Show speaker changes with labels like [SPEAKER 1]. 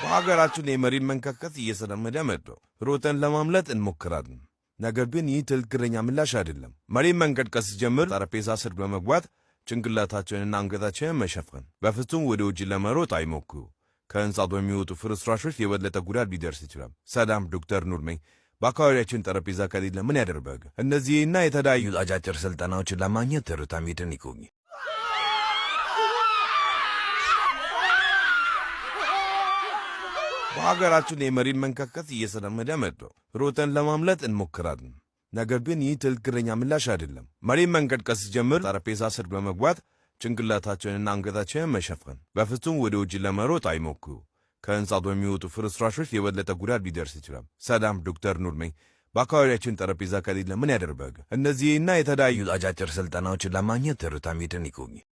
[SPEAKER 1] በሀገራችን የመሪ መንከከት እየሰለመደ መጥቷል። ሮጠን ለማምለጥ እንሞክራለን። ነገር ግን ይህ ትክክለኛ ምላሽ አይደለም። መሪ መንቀጥቀጥ ሲጀምር ጠረጴዛ ስር በመግባት ጭንቅላታቸውንና አንገታችንን መሸፈን። በፍጹም ወደ ውጭ ለመሮጥ አይሞክሩ። ከህንፃ በሚወጡ ፍርስራሾች የበለጠ ጉዳት ሊደርስ ይችላል። ሰላም ዶክተር ኑር በአካባቢያችን ጠረጴዛ ከሌለ ምን ያደርበግ? እነዚህና የተለያዩ
[SPEAKER 2] አጫጭር ስልጠናዎችን ለማግኘት ትርታ ሜድን
[SPEAKER 1] በሀገራችን የመሬት መንቀጥቀጥ እየሰለመደ መጥቶ ሮጠን ለማምለጥ እንሞክራለን። ነገር ግን ይህ ትክክለኛ ምላሽ አይደለም። መሬት መንቀጥቀጥ ሲጀምር ጠረጴዛ ስር በመግባት ጭንቅላታቸውንና አንገታቸውን መሸፈን። በፍጹም ወደ ውጭ ለመሮጥ አይሞክሩ። ከህንፃ በሚወጡ ፍርስራሾች የበለጠ ጉዳት ሊደርስ ይችላል። ሰላም፣ ዶክተር ኑር በአካባቢያችን ጠረጴዛ ከሌለ ምን ያደርበግ? እነዚህና የተለያዩ
[SPEAKER 2] አጫጭር ስልጠናዎችን ለማግኘት ትርታ ሜድን